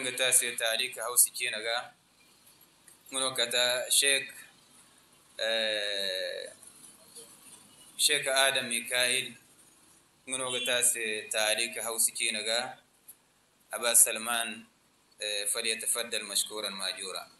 ننگ تاسي تعليق هاوسي كينغا كتا شيك آه، شيك آدم ميكائيل نونو أبا سلمان آه، فليتفضل مشكورا ماجورا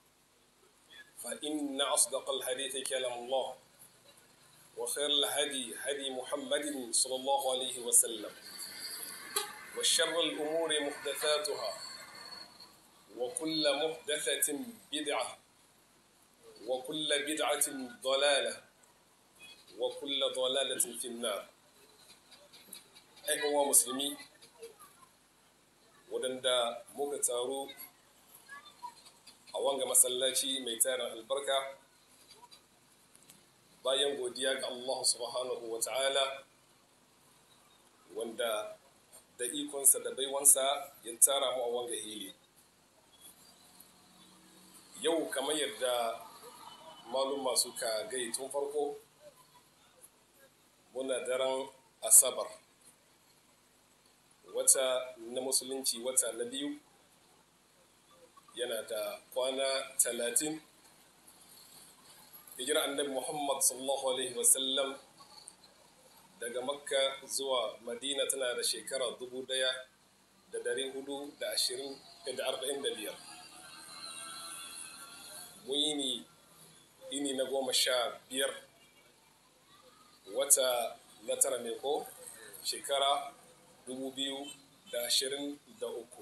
فإن أصدق الحديث كلام الله وخير الهدي هدي محمد صلى الله عليه وسلم وشر الأمور محدثاتها وكل محدثة بدعة وكل بدعة ضلالة وكل ضلالة في النار أيها المسلمين ودندا مكتارو a wanga masallaci mai tarin albarka bayan godiya ga Allah subhanahu wa ta'ala wanda da ikonsa da baiwansa ya tara mu a wanga hili yau kamar yadda maluma suka gai tun farko muna daren asabar wata na musulunci wata na biyu yana da kwana talatin hijira annabi muhammad sallallahu alaihi wasallam daga makka zuwa madina tana da shekara dubu daya da dari hudu da ashirin da arba'in da biyar mun yi ini na goma sha biyar wata na tara mai ko shekara dubu biyu da ashirin da uku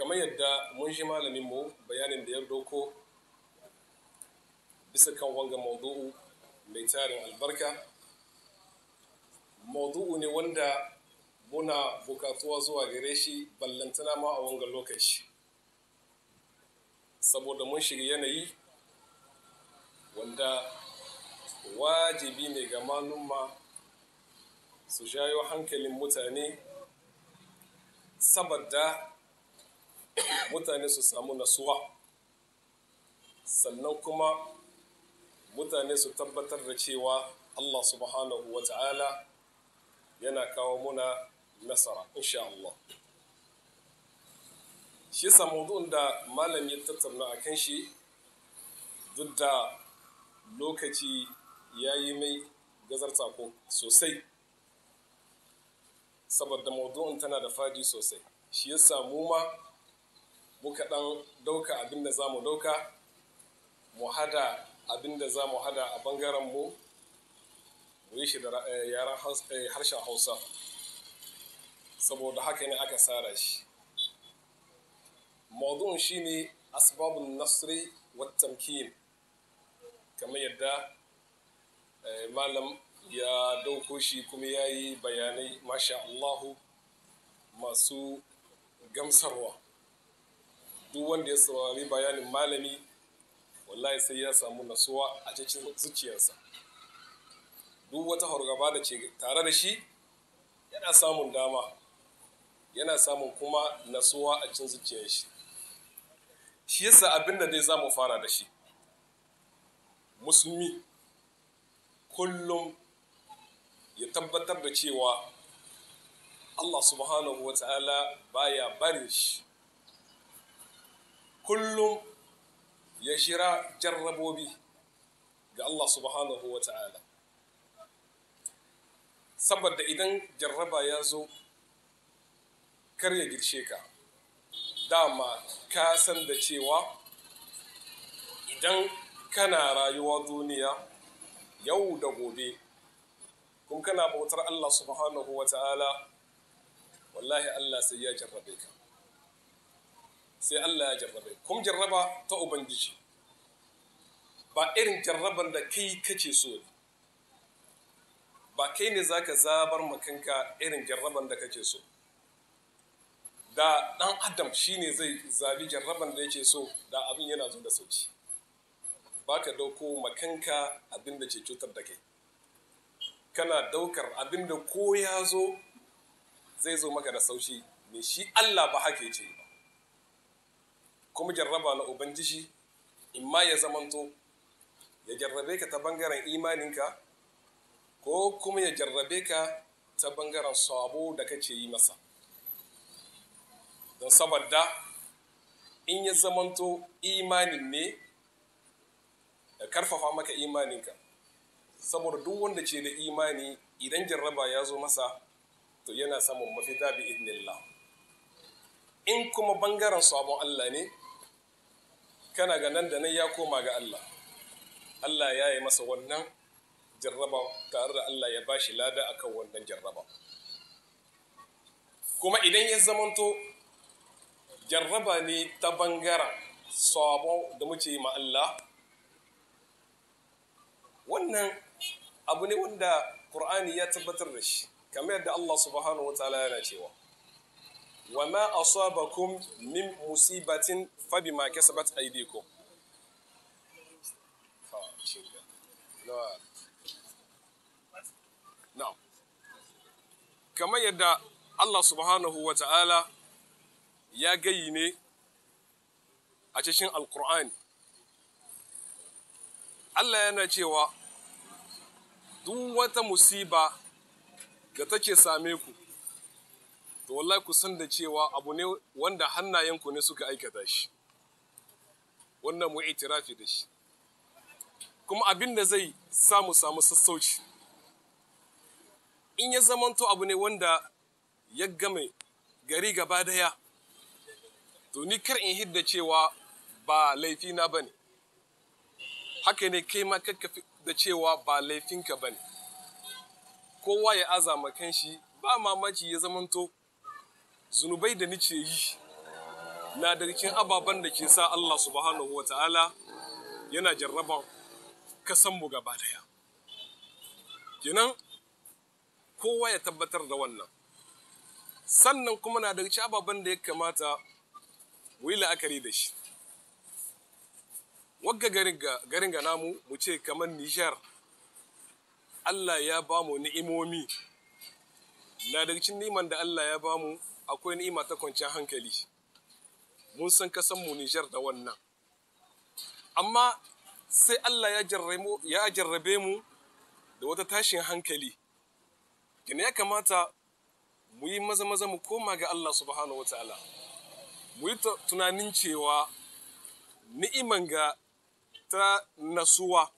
kamar yadda mun shi malamin mu bayanin da ya doko bisa kan wanga maudu'u mai tarin albarka maudu'u ne wanda muna bukatuwa zuwa gare shi ballantana ma a wanga lokaci saboda mun shiga yanayi wanda wajibi ne ga malumma su shayo hankalin mutane saboda mutane su samu nasuwa sannan kuma mutane su tabbatar da cewa Allah subhanahu wa ta'ala yana kawo muna nasara insha Allah shi sa da malam ya tattauna a kan shi duk da lokaci ya yi mai gazarta ko sosai saboda maudu'un tana da fadi sosai shi yasa mu ma muka dan dauka abin da za mu dauka mu hada abin da za mu hada a bangaren mu mu yi shi da eh, yaren eh, harshen hausa saboda haka ne aka tsara shi shi ne asbabun nasri watan kiyin kamar yadda eh, malam ya dauko shi kuma ya yi bayanai masha Allahu masu gamsarwa duk wanda ya saurari bayanin malami wallahi sai ya samu nasuwa a cikin zuciyarsa duk wata hargaba da ce tare da shi yana samun dama yana samun kuma nasuwa a cikin zuciyar shi shi yasa abin da dai zamu fara da shi musulmi kullum ya tabbatar da cewa allah subhanahu wa ta'ala baya barin shi kullum ya shira jarrabobi ga Allah subhanahu wa ta'ala saboda idan jarraba ya zo kar ya girshe ka dama ka san da cewa idan kana rayuwa duniya yau da gobe kuma kana bautar Allah subhanahu wa ta'ala wallahi Allah sai ya jarrabe ka sai Allah ya jarrabe Kun jarraba ta ubangiji ba irin jarraban da kai kake so ba kai ne zaka zabar makanka irin jarraban da kake so da dan adam shine zai zabi jarraban da yake so da abin yana zo da sauki ba ka dauko makanka abin da ke cutar da kai kana daukar abin da ko ya zo zai zo maka da sauki ne shi Allah ba haka yake kuma jarraba na ubangiji in ma ya zamanto ya jarrabe ka ta bangaren imaninka ko kuma ya jarrabe ka ta bangaren sabo da kace yi masa don saboda in ya zamanto imanin ne ya karfafa maka imaninka saboda duk wanda ce da imani idan jarraba ya zo masa to yana samun mafita bi idnillah in kuma bangaren sabon Allah ne kana ga nan da nan ya koma ga Allah Allah ya yi masa wannan jarraba tare da Allah ya bashi lada kan wannan jarraba kuma idan ya zamanto jarraba ne ta bangaren sabo da muke ma Allah wannan abu ne wanda Qur'ani ya tabbatar da shi kamar yadda Allah subhanahu wa ta'ala yana cewa wa ma asabakum min musibatin fabi ma kasabat aydikum na'am kamar yadda Allah subhanahu wa ta'ala ya gayi ne a cikin alkur'ani Allah yana cewa duk wata musiba da take same ku to wallahi ku san da cewa abu ne wanda hannayenku ne suka aikata shi wannan mu itirafi da shi kuma abin da zai samu samu sassauci in ya zamanto abu ne wanda ya game gari gaba daya to ni kar in hidda cewa ba laifina ba ne haka ne kai ma kakkafi da cewa ba laifinka ba ne kowa ya azama kanshi ba mamaci ya zamanto zunubai da nice yi na da cikin ababen da ke sa Allah subhanahu wa ta'ala yana jarraba kasanmu gaba daya kenan kowa ya tabbatar da wannan sannan kuma na da cikin ababen da ya kamata mu la'akari da shi wagga garin ga namu mu ce kamar nijar Allah ya ba mu ni'imomi na daga cikin niman da Allah ya ba mu akwai ni'ima ta kwanciyar hankali mun san kasan mu Nijar da wannan amma sai Allah ya jarrabe mu da wata tashin hankali gina ya kamata mu yi maza maza mu koma ga Allah subhanahu wataala mu yi tunanin cewa ni'iman ga ta nasuwa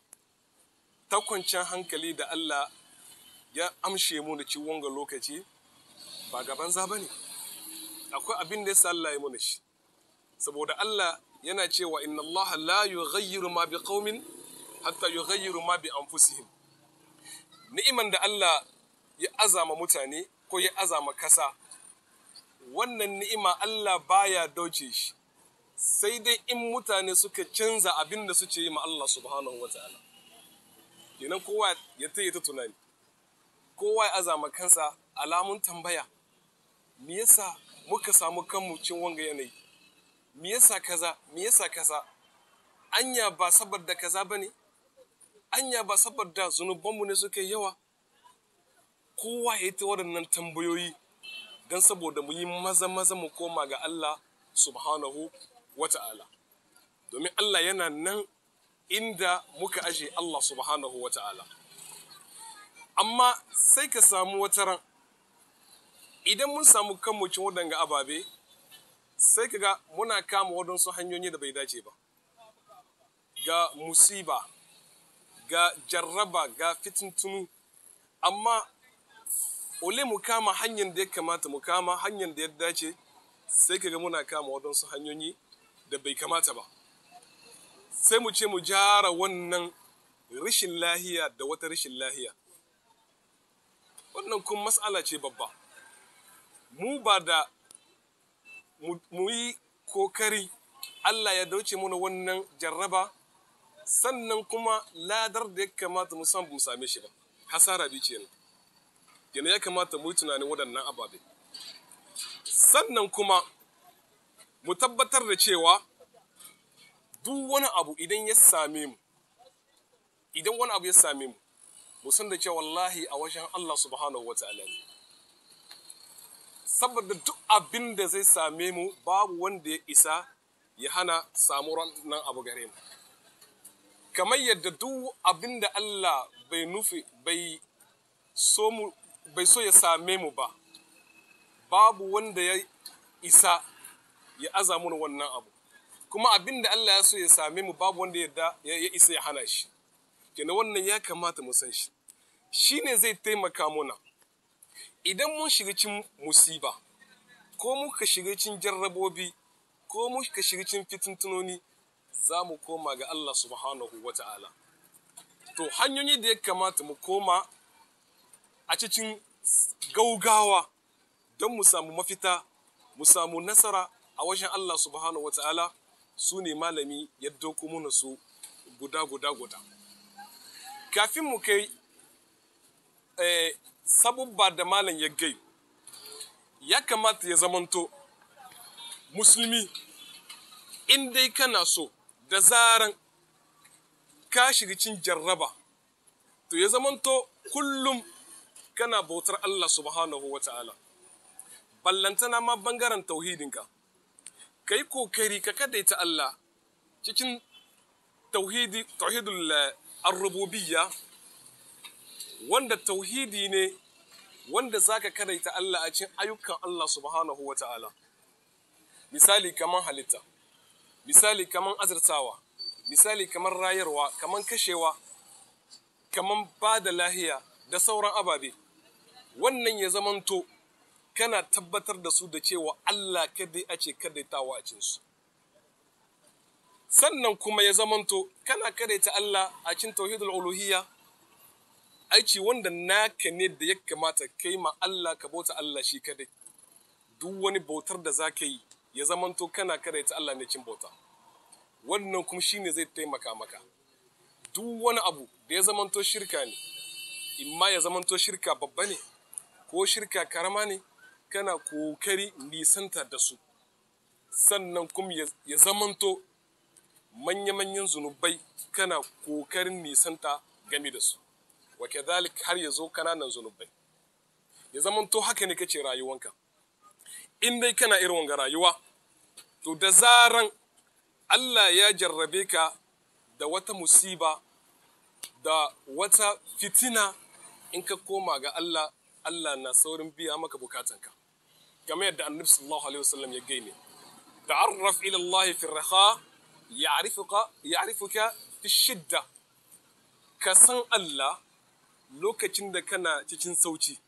ta kwanciyar hankali da Allah ya amshe mu da ciwon ga lokaci ba gaban za ba ne akwai abin da ya sa Allah ya mu shi saboda Allah yana cewa inna Allah la yughayyiru ma qaumin hatta yughayyiru ma bi anfusihim ni'iman da Allah ya azama mutane ko ya azama kasa wannan ni'ima Allah baya dauce shi sai dai in mutane suka canza abin da suke yi ma Allah subhanahu wa kenan kowa ya taya ta tunani kowa ya azama kansa alamun tambaya me yasa muka samu kanmu cin wanga yanayi me yasa kaza me yasa kaza anya ba saboda kaza bane anya ba saboda zunubanmu ne suke yawa kowa ya ta waɗannan tambayoyi don saboda mu yi maza maza mu koma ga Allah subhanahu wa ta'ala domin Allah yana nan inda muka aje Allah subhanahu wa ta'ala amma sai ka samu wata ran idan mun samu kanmu cin waɗanga ababe sai kaga muna kama waɗansu hanyoyi da bai dace ba ga musiba ga jarraba ga fitintunu amma ole mu kama hanyar da ya kamata mu kama hanyar da ya dace sai kaga muna kama waɗansu hanyoyi da bai kamata ba sai mu ce mu jara wannan rashin lahiya da wata rashin lahiya wannan kun matsala ce babba mu ba da mu yi kokari Allah ya dauce mana wannan jarraba sannan kuma ladar da ya kamata mu san shi ba hasara bi ce yana ya kamata mu yi tunanin waɗannan ababe sannan kuma mu tabbatar da cewa duk wani abu idan ya same mu idan wani abu ya same mu mu da cewa wallahi a wajen Allah subhanahu wa ta'ala ne saboda duk abin da zai same mu babu wanda ya isa ya hana samuran nan abu gare mu kamar yadda duk abin da Allah bai nufi bai so mu bai so ya same mu ba babu wanda ya isa ya aza wannan abu kuma abin da Allah ya so ya same mu babu wanda ya isa ya hana shi kenan wannan ya kamata mu san shi shine zai taimaka mana idan mun shiga cin musiba ko muka shiga cin jarrabobi ko ka shiga cin fitintunoni za mu koma ga Allah subhanahu wa ta'ala to hanyoyi da ya kamata mu koma a cikin gaugawa don mu samu mafita mu samu nasara a wajen Allah subhanahu ta'ala su ne malami ya doko muna su guda guda guda kafin mu kai eh, ba da malam ya gai ya kamata ya zamanto musulmi in dai kana so da zaran ka shiga cin jarraba to ya zamanto kullum kana bautar Allah subhanahu wa ta'ala ballantana ma bangaren tauhidinka ka yi kokari ka kadaita Allah cikin tauhidul eh, arrububiyya wanda tauhidi ne wanda zaka karaita Allah a cikin ayyukan Allah subhanahu wa ta'ala misali kaman halitta misali kaman azurtawa misali kaman rayarwa kaman kashewa kaman ba da lahiya da sauran ababe wannan ya zamanto kana tabbatar da su da cewa Allah kadai ake kadaitawa a cinsu sannan kuma ya zamanto kana kadaita Allah a cikin tauhidul uluhiyya aiki wanda naka ne da ya kamata kai ma Allah ka bauta Allah shi kadai duk wani bautar da za ka yi ya zamanto kana karaita Allah ne cin bauta wannan kuma shine zai taimaka maka duk wani abu da ya zamanto shirka ne imma ya zamanto shirka babba ne ko shirka karama ne kana kokari nisanta da su sannan kuma ya zamanto manya-manyan zunubai kana kokarin nisanta game da su وكذلك هر يزو كنا نزنوبين يا زمان تو حكي نكتي رايو وانك إن دي كنا إروان رايوا تو دزارن الله يا جربيك دا وتا مصيبة دا وتا فتنة إنك كوما غا الله الله نصورن بي أما كبوكاتنك كما يدعى النبي صلى الله عليه وسلم يجيني تعرف إلى الله في الرخاء يعرفك يعرفك في الشدة كسن الله lokacin da kana cikin sauci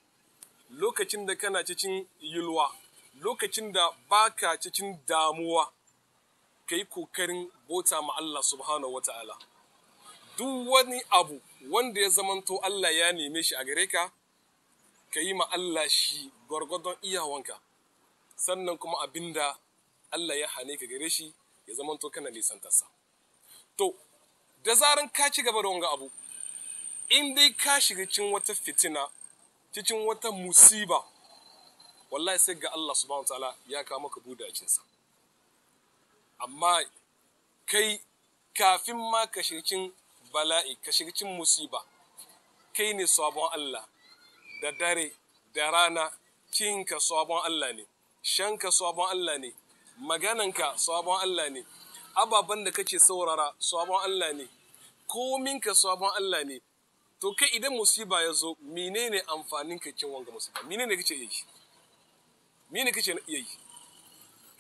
lokacin da kana cikin yulwa lokacin da baka cikin damuwa ka yi kokarin bota ma Allah subhanahu wa ta'ala duk wani abu wanda ya zamanto Allah ya neme shi a gare ka ka yi ma Allah shi gwargwadon iyawanka sannan kuma abinda Allah ya hane ka gare shi ya zamanto kana nisantarsa to da zaran ka ci gaba da wanga abu in dai ka shiga cikin wata fitina cikin wata musiba wallahi sai ga Allah subhanahu ta'ala ya kawo maka sa amma kai kafin ma ka shiga cikin bala'i ka shiga cikin musiba kai ne sabon Allah da dare da rana cinka sabon Allah ne shanka sabon Allah ne ka sabon Allah ne ababen da kake saurara sabon Allah ne kominka sabon Allah ne to kai idan musiba ya zo menene amfanin ka cin wanga musiba menene kace yayi yi menene kace yayi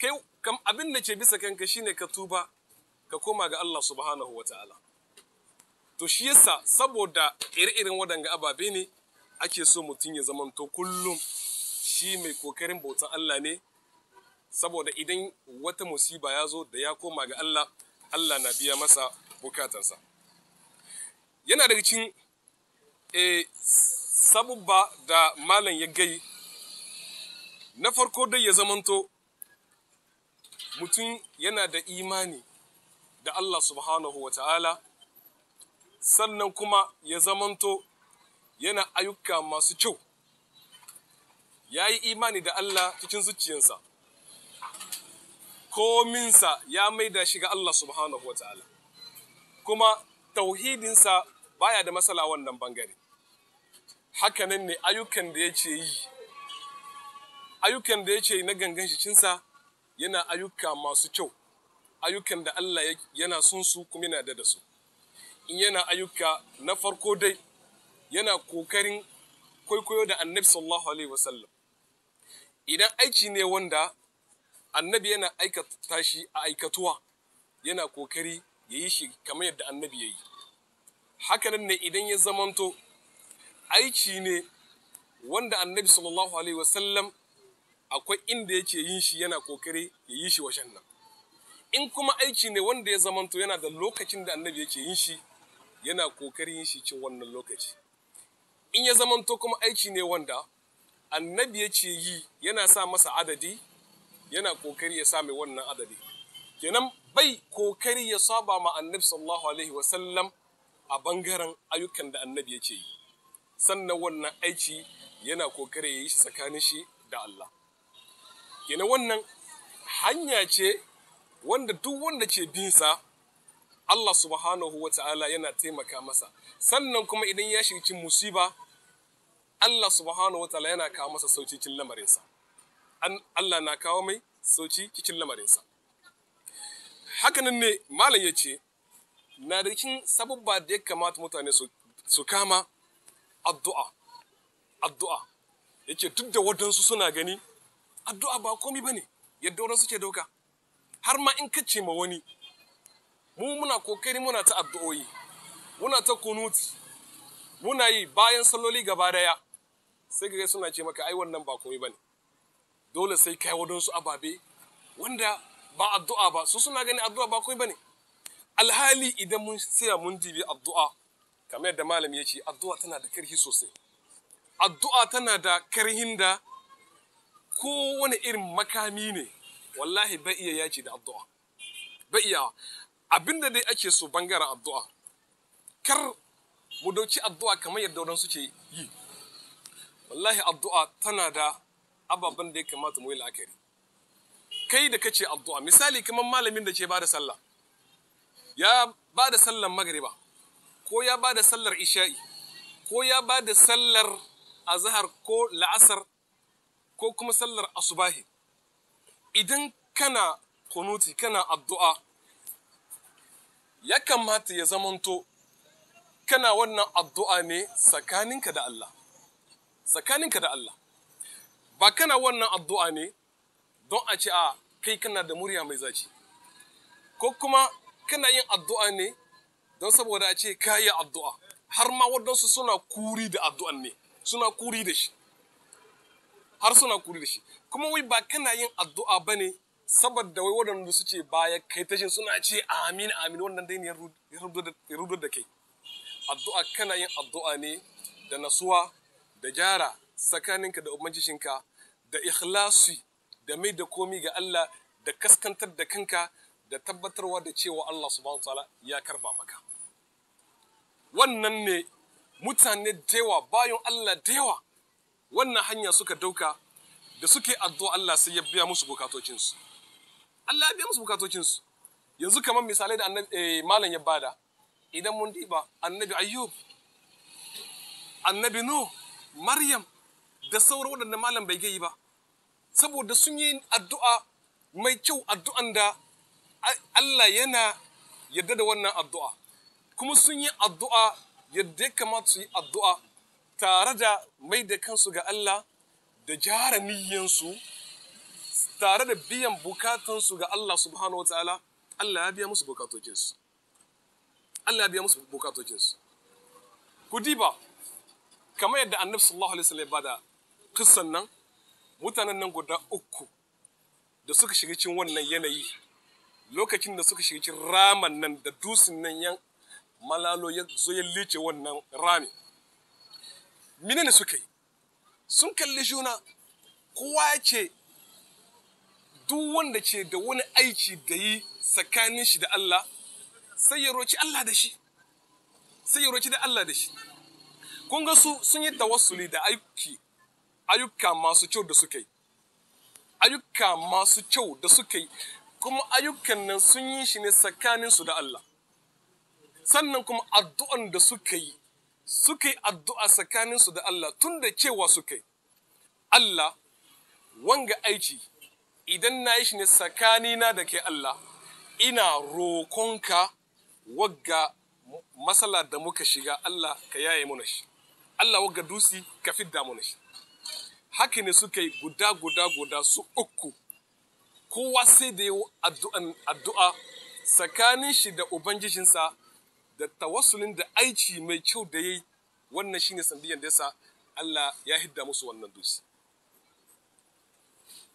kai kam abin da ke bisa kanka shine ka tuba ka koma ga Allah subhanahu wataala to shi yasa saboda irin iren waɗanga ababe ne ake so mutum ya zamanto kullum shi mai kokarin bautan Allah ne saboda idan wata musiba ya zo da ya koma ga Allah Allah na biya masa bukatarsa yana daga cikin e ba da malam ya gai na farko dai ya zamanto mutum yana da imani da Allah subhanahu wa ta'ala sannan kuma ya zamanto yana ayyuka masu kyau ya yi imani da Allah cikin zuciyarsa kominsa ya maida shi ga Allah subhanahu wa ta'ala kuma tauhidinsa baya da matsala wannan bangare hakanan ne ayyukan da ya ce yi ayyukan da ce yi na gangan shicinsa yana ayyuka masu kyau ayyukan da Allah yana son su kuma yana da su in yana ayyuka na farko dai yana kokarin kwaikwayo da annabi sallallahu alaihi wasallam idan aiki ne wanda annabi yana aikata shi a aikatuwa yana kokari ya yi shi kamar yadda annabi ya yi hakanan ne idan ya zamanto aiki ne wanda annabi sallallahu alaihi wasallam akwai inda yake yin shi yana kokari ya yi shi washen nan in kuma aiki ne wanda ya zamanto yana da lokacin da annabi yake yin shi yana kokarin yin shi cin wannan lokaci in ya zamanto kuma aiki ne wanda annabi yake yi yana sa masa adadi yana kokari ya sa mai wannan adadi kenan bai kokari ya saba ma annabi sallallahu alaihi wasallam a bangaren ayyukan da annabi yake yi sannan wannan aiki yana kokare ya yi shi tsakanin shi da Allah kenan wannan hanya ce wanda duk wanda ce binsa Allah subhanahu wa ta'ala yana taimaka masa sannan kuma idan ya cin musiba Allah subhanahu wa ta'ala yana kawo masa sauci cikin lamarinsa Allah na kawo mai sauci cikin lamarinsa hakanan ne malam ya ce na da cikin sababba da ya kamata mutane su kama addu'a addu'a yace duk da waɗansu suna gani addu'a ba komi bane yadda waɗansu ke dauka har ma in kace ma wani mu muna kokari muna ta addu'o'i muna ta kunuti muna yi bayan salloli gaba daya sai ga suna ce maka ai wannan ba komai bane dole sai kai waɗansu ababe wanda ba addu'a ba su suna gani addu'a ba komai bane alhali idan mun tsaya mun dibi addu'a kamar yadda malami ya ce addu'a tana da karhi sosai addu'a tana da karhin da kowane irin makami ne wallahi bai iya yaki da addu'a bai iya abinda dai ake so bangaren addu'a kar mu dauki addu'a kamar yadda wadansu suke yi wallahi addu'a tana da ababen da ya kamata mu yi la'akari kai da kace addu'a misali kamar malamin da ke bada sallah ya ba da sallan magriba ko ya ba da sallar isha'i ko ya ba da sallar azahar ko la'asar ko kuma sallar asubahi idan kana kunuti kana addu'a ya kamata ya zamanto kana wannan addu'a ne tsakaninka da Allah tsakaninka da Allah ba kana wannan addu'a ne don a ce a kai kana da murya mai zaci ko kuma kana yin addu'a ne don saboda a ce kayi addu'a har ma waɗansu suna kuri da addu'an ne suna kuri da shi har suna kuri da shi kuma wai ba kana yin addu'a ba ne saboda wai waɗanda su ce baya kai tashin suna ce amin amin wannan dai ne ya rudu da kai addu'a kana yin addu'a ne da nasuwa da gyara tsakaninka da ubangijinka da ikhlasi da mai da komi ga Allah da kaskantar da kanka da tabbatarwa da cewa Allah subhanahu ta'ala ya karba maka wannan ne mutane da bayan Allah da yawa wannan hanya suka dauka da suke addu'a Allah sai ya biya musu bukatocinsu Allah ya biya musu bukatocinsu yanzu kamar misalai da eh, malam ya bada idan mun diba annabi ayyub annabi no maryam da sauran waɗanda malam bai gai ba saboda sun yi addu'a mai kyau addu'an da Allah yana yarda da wannan addu'a kuma sun yi addu'a yadda ya kamata su yi addu'a tare da mai da kansu ga Allah da jara niyyansu tare da biyan bukatansu ga Allah subhanahu wa ta'ala Allah ya biya musu bukatokinsu Allah ya biya musu bukatokinsu ku diba kamar yadda annabi sallallahu alaihi wasallam ya da kissan nan mutanen nan guda uku da suka shiga cikin wannan yanayi lokacin da suka shiga cikin raman nan da dusin nan yan malalo ya zo ya lice wannan rami ne suka yi sun kalli juna kowa ce duk wanda ce da wani aiki da yi tsakanin shi da Allah sai ya roci Allah da shi sai ya roci da Allah da shi kun ga su sun yi tawassuli da aiki ayyuka masu kyau da suka yi ayyuka masu kyau da suka yi kuma ayyukan nan sun yi shi ne tsakaninsu da Allah sannan kuma addu'an da suka yi suka yi addu'a tsakaninsu da Allah tun da cewa suka yi Allah wanga aiki idan na yi shi ne tsakanina da ke Allah ina rokonka wagga matsala da muka shiga Allah ka yaye muna shi Allah wagga dusi ka fidda muna shi haka ne suka yi guda guda guda su uku kowa sai da yi addu'a tsakanin shi da ubangijinsa da tawasulin da aiki mai kyau da yayi wannan shine sandiyan da yasa Allah ya hidda musu wannan dusi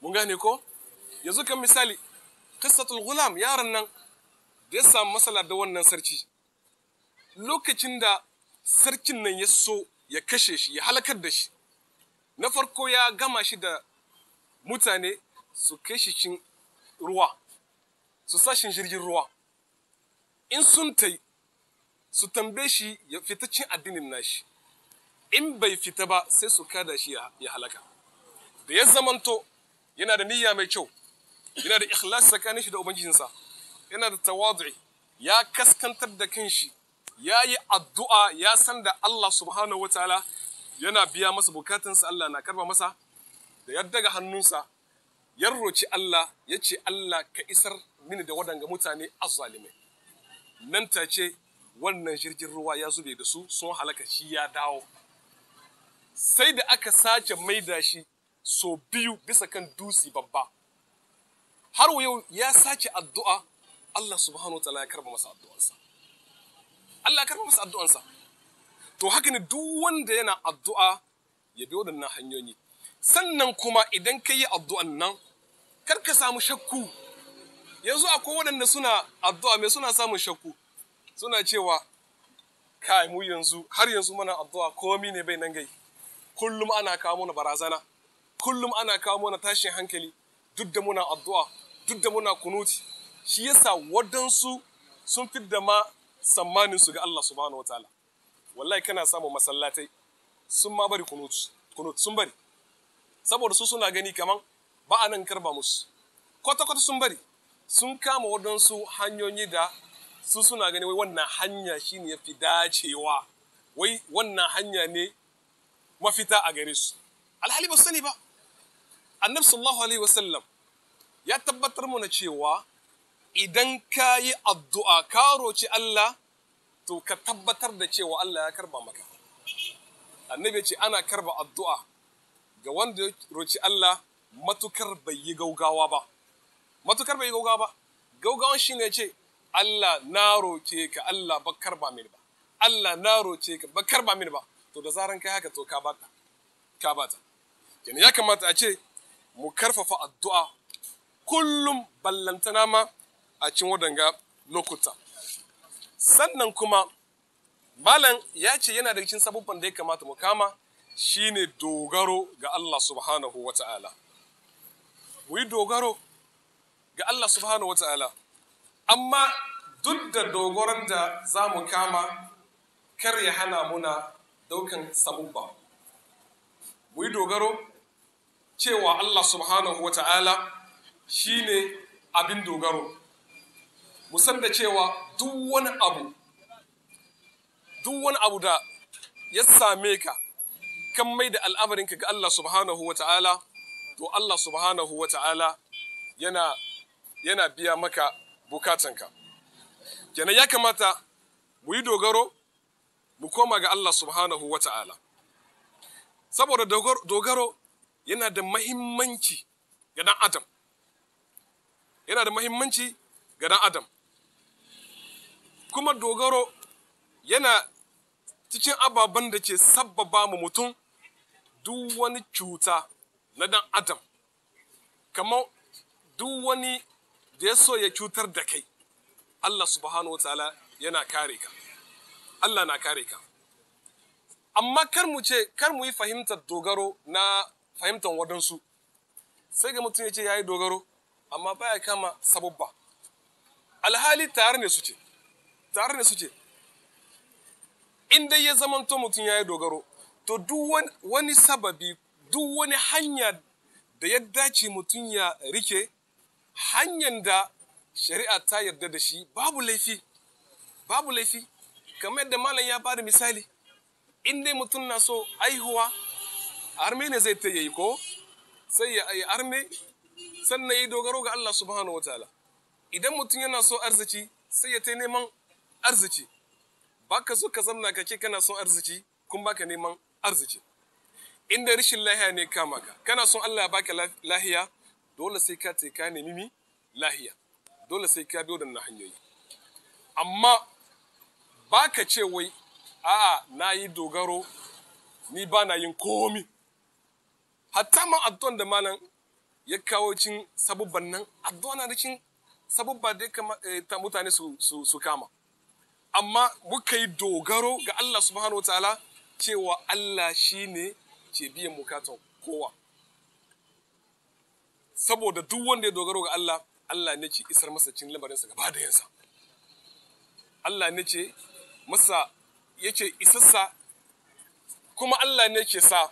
mun gane ko yanzu kan misali qissatul gulam yaron nan da ya samu masala da wannan sarki lokacin da sarkin nan ya so ya kashe shi ya halakar da shi na farko ya gama shi da mutane su kai shi cin ruwa su sashin jirgin ruwa in sun tai su tambe shi ya fita cin addinin nashi in bai fita ba sai su kada shi ya halaka da ya zamanto yana da niyya mai kyau yana da ikhlas tsakanin shi da ubangijinsa yana da tawadu'i ya kaskantar da kanshi ya yi addu'a ya san da Allah subhanahu wataala yana biya masa bukatunsa Allah na karba masa da ya daga hannunsa ya roci Allah ya ce Allah ka isar mini da waɗanga mutane zalimai nan ta ce wannan jirgin ruwa ya zube da su sun halaka shi ya dawo sai da aka sace maida shi so biyu bisa kan dusi babba har yau ya sace addu'a Allah subhanahu wa ta'ala ya karba masa addu'ansa Allah ya karba masa addu'ansa to haka ne duk wanda yana addu'a ya bi waɗannan hanyoyi sannan kuma idan ka yi addu'an nan kar ka samu shakku yanzu akwai waɗanda suna addu'a mai suna samun shakku suna cewa kai mu yanzu har yanzu mana addu'a komi ne bai nan gai kullum ana kawo mana barazana kullum ana kawo mana tashin hankali duk da muna addu'a duk da muna kunuti shi yasa waɗansu sun fidda ma tsammanin su ga Allah subhanahu wataala wallahi kana samun masallatai sun ma bari kunut sun bari saboda su suna gani kaman ba a nan karba musu kwata-kwata sun bari sun kama waɗansu hanyoyi da su suna gani wai wannan hanya shi ne ya fi dacewa wai wannan hanya ne mafita a gare su alhali ba sani ba annabi sallallahu alaihi wasallam ya tabbatar mana cewa idan ka yi addu'a ka roci Allah to ka tabbatar da cewa Allah ya karba maka annabi ce ana karba addu'a ga wanda ya roci Allah matukar bai yi gaugawa ba matukar bai yi gaugawa ba gaugawan shine ce Allah na roke ka Allah bakar ba mini ba Allah na roke ka bakar ba mini ba to da zaran kai haka to ka bata ka bata ya kamata a ce mu karfafa addu'a kullum ballantana nama a cin wadanga lokuta sannan kuma malam ya ce yana da cikin sabubban da ya kamata mu kama shine dogaro ga Allah subhanahu wa ta'ala mu yi dogaro ga Allah subhanahu wata'ala amma duk da dogoron da za mu kama kar ya hana muna daukan sabubba mu yi dogaro cewa Allah subhanahu wata'ala shi ne abin dogaro san da cewa duk wani abu duk wani abu da ya same ka kan mai da al'amarinka ga Allah subhanahu wata'ala to Allah subhanahu wa ta'ala yana, yana biya maka bukatanka kenan ya kamata mu yi dogaro mu koma ga Allah subhanahu wa ta'ala saboda dogaro yana da mahimmanci ga dan adam yana da mahimmanci ga dan adam kuma dogaro yana cikin ababen da ke sabbaba mu mutum duk wani cuta na dan adam kamar duk wani da ya so ya cutar da kai Allah subhanahu wataala yana kare ka Allah na kare ka amma kar mu ce kar mu yi fahimtar dogaro na fahimtar wadansu sai ga mutum ya ce ya yi dogaro amma baya kama sabubba alhali tare ne su ce tare ne su ce in dai ya zamanto mutum ya yi dogaro to duk wani sababi duk wani hanya da ya dace mutum ya rike hanyar da shari'a ta yarda da shi babu laifi babu laifi kamar yadda malam ya bada misali in dai mutum na so aihuwa arme ne zai ta yi ko sai ya yi arme sannan ya dogaro ga Allah subhanahu wa ta'ala idan mutum yana so arziki sai ya ta neman arziki baka so ka zamna kake kana so arziki kun baka neman arziki in da rashin lahiya ne kama ka kana son Allah ya baka lahiya dole sai ka ce ka nemi mi lahiya dole sai ka bi wadannan hanyoyi amma baka ce wai a'a na yi dogaro ni ba na yin komi hatta ma addu'an da malam ya kawo cin sabubban nan addu'a na cikin sabubba da ya eh, mutane su kama amma muka yi dogaro ga Allah subhanahu wa ta'ala cewa Allah shine ne ke biyan bukatan kowa saboda duk wanda ya dogaro ga Allah Allah ne ce isar masa cin lamarinsa gaba da yansa Allah ne ce masa isassa kuma Allah ne ce sa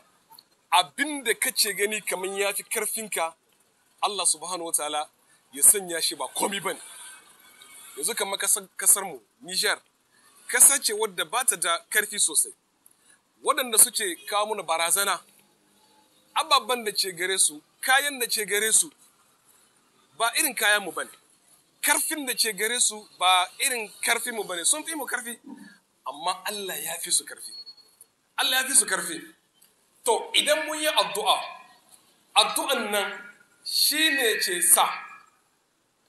abin da kace gani kaman ya fi karfinka Allah subhanahu wataala ya sanya shi ba komi bane yanzu kamar kasar mu Niger kasa ce wadda ba ta da karfi sosai waɗanda suke kawo mana barazana ababen da ce gare su kayan da ce gare su ba irin kayan mu bane karfin da ce gare su ba irin karfin mu bane sun fi mu karfi amma Allah ya fi su karfi Allah ya fi su karfi to idan mun yi addu'a addu'an nan shine ce sa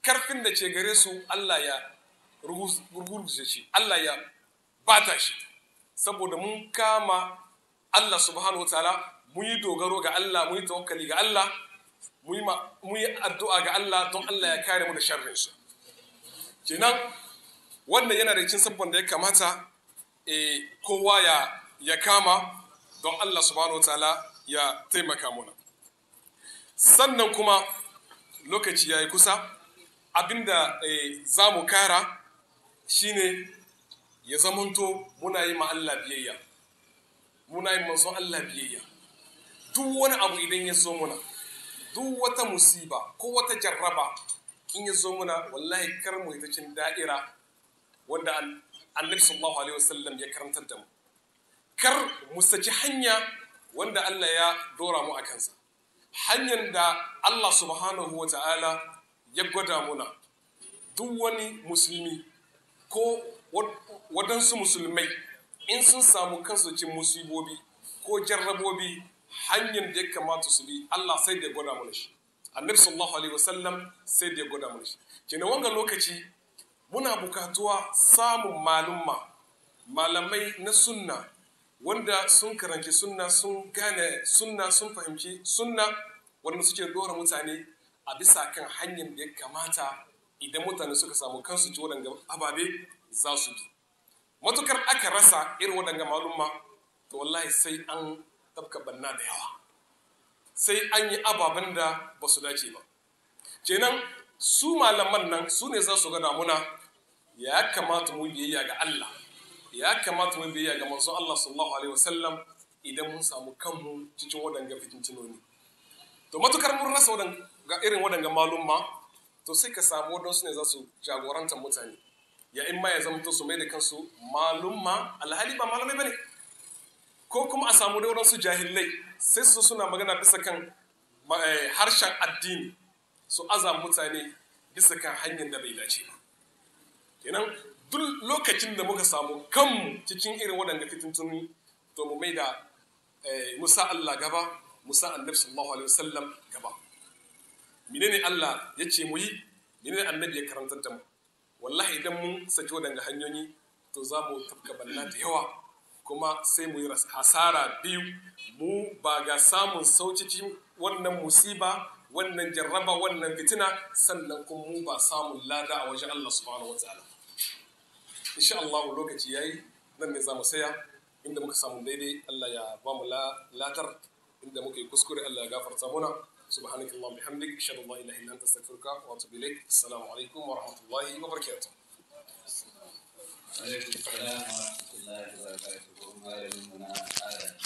karfin da ce gare su Allah ya rugurguje shi Allah ya bata shi saboda mun kama Allah subhanahu ta'ala, mun yi dogaro ga Allah mun yi tawakkali ga Allah mun yi addu'a ga Allah don Allah ya kare mu da sharrin shi kenan wannan yana da cikin sabon da ya kamata e, kowa ya, ya kama don Allah subhanahu ta'ala ya taimaka muna sannan kuma lokaci ya kusa abinda e, eh, za mu kara shine ya zamanto muna yi ma Allah biyayya muna yi manzon Allah biyayya duk wani abu idan ya zo muna duk wata musiba ko wata jarraba in ya zo muna wallahi kar mu ita cin da'ira wanda annabi sallallahu alaihi wasallam ya karantar da mu kar mu saki hanya wanda Allah ya dora mu a kansa hanyar da Allah subhanahu wa ta'ala ya gwada muna duk wani musulmi ko waɗansu musulmai in sun samu kansu cin musibobi ko jarrabobi hanyar da ya kamata su bi Allah sai da ya gwada mana shi annabi sallallahu alaihi wasallam sai da ya gwada mana shi kenan wanga lokaci muna bukatuwa samun malumma malamai na sunna wanda sun karanci sunna sun gane sunna sun fahimci sunna wanda suke dora mutane a bisa kan hanyar da ya kamata idan mutane suka samu kansu ci waɗanda ababe za su bi matukar aka rasa irin waɗanga malumma to wallahi sai an tafka banna da yawa sai an yi ababen da ba su dace ba kenan su malaman nan su ne za su ga damuna ya kamata mu biyayya ga Allah ya kamata mu biyayya ga manzon Allah sallallahu alaihi wasallam idan mun samu kanmu cikin waɗanga fitintinoni to matukar mun rasa irin waɗanga malumma to sai ka samu waɗansu ne za su jagorantar mutane ya in ma ya zama su mai da kansu malumma alhali ba malamai bane ko kuma a samu da su jahilai sai su suna magana bisa kan eh, harshen addini su aza mutane bisa kan hanyar da bai dace ba kenan duk lokacin da muka samu kanmu cikin irin waɗanda fitintuni to mu mai da eh, musa Allah gaba musa annabi sallallahu alaihi wasallam gaba menene Allah ya ce mu yi menene annabi ya karantar da mu wallahi idan mun saki waɗanga hanyoyi to za mu tafka banna da yawa kuma sai mu yi hasara biyu mu ba ga samun sauƙi wannan musiba wannan jarraba wannan fitina sannan kuma mu ba samun lada a wajen Allah subhanahu wataala insha Allah lokaci yayi nan ne zamu saya inda muka samu daidai Allah ya ba mu latar inda muka yi kuskure Allah ya gafarta muna سبحانك اللهم وبحمدك اشهد ان لا اله الا انت استغفرك واتوب اليك السلام عليكم ورحمه الله وبركاته عليكم السلام ورحمه الله وبركاته ما يلومنا ابدا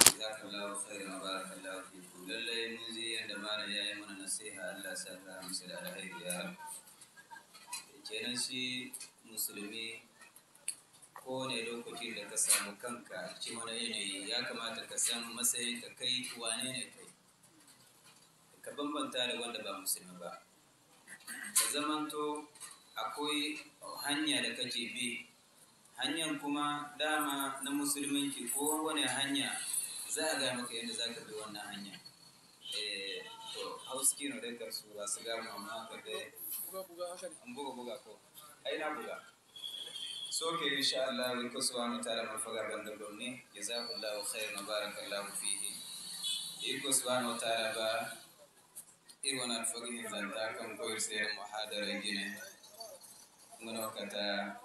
جزاكم الله خيرا وبارك الله فيكم لله منزي عند ما يا من نصيحه الله سبحانه وتعالى الخير يا رب kenan shi musulmi kowane lokacin da ka samu kanka a cikin wani yanayi ya kamata ka san matsayin ka kai wane ne ka bambanta da wanda ba musulmi ba ka zamanto akwai hanya da kake bi hanyar kuma dama na musulminki ko wani hanya za a gano ka yadda za ka bi wannan hanya eh, to hauski na dai karsu ba su gama amma ka An buga buga ko ai na buga wa إن شاء الله لكم domin ya من فقر بندر دوني na الله خير مبارك الله فيه لكم سبحانه ba? ili wanafunzi za taka mkoa isiende muhadhara wengine kata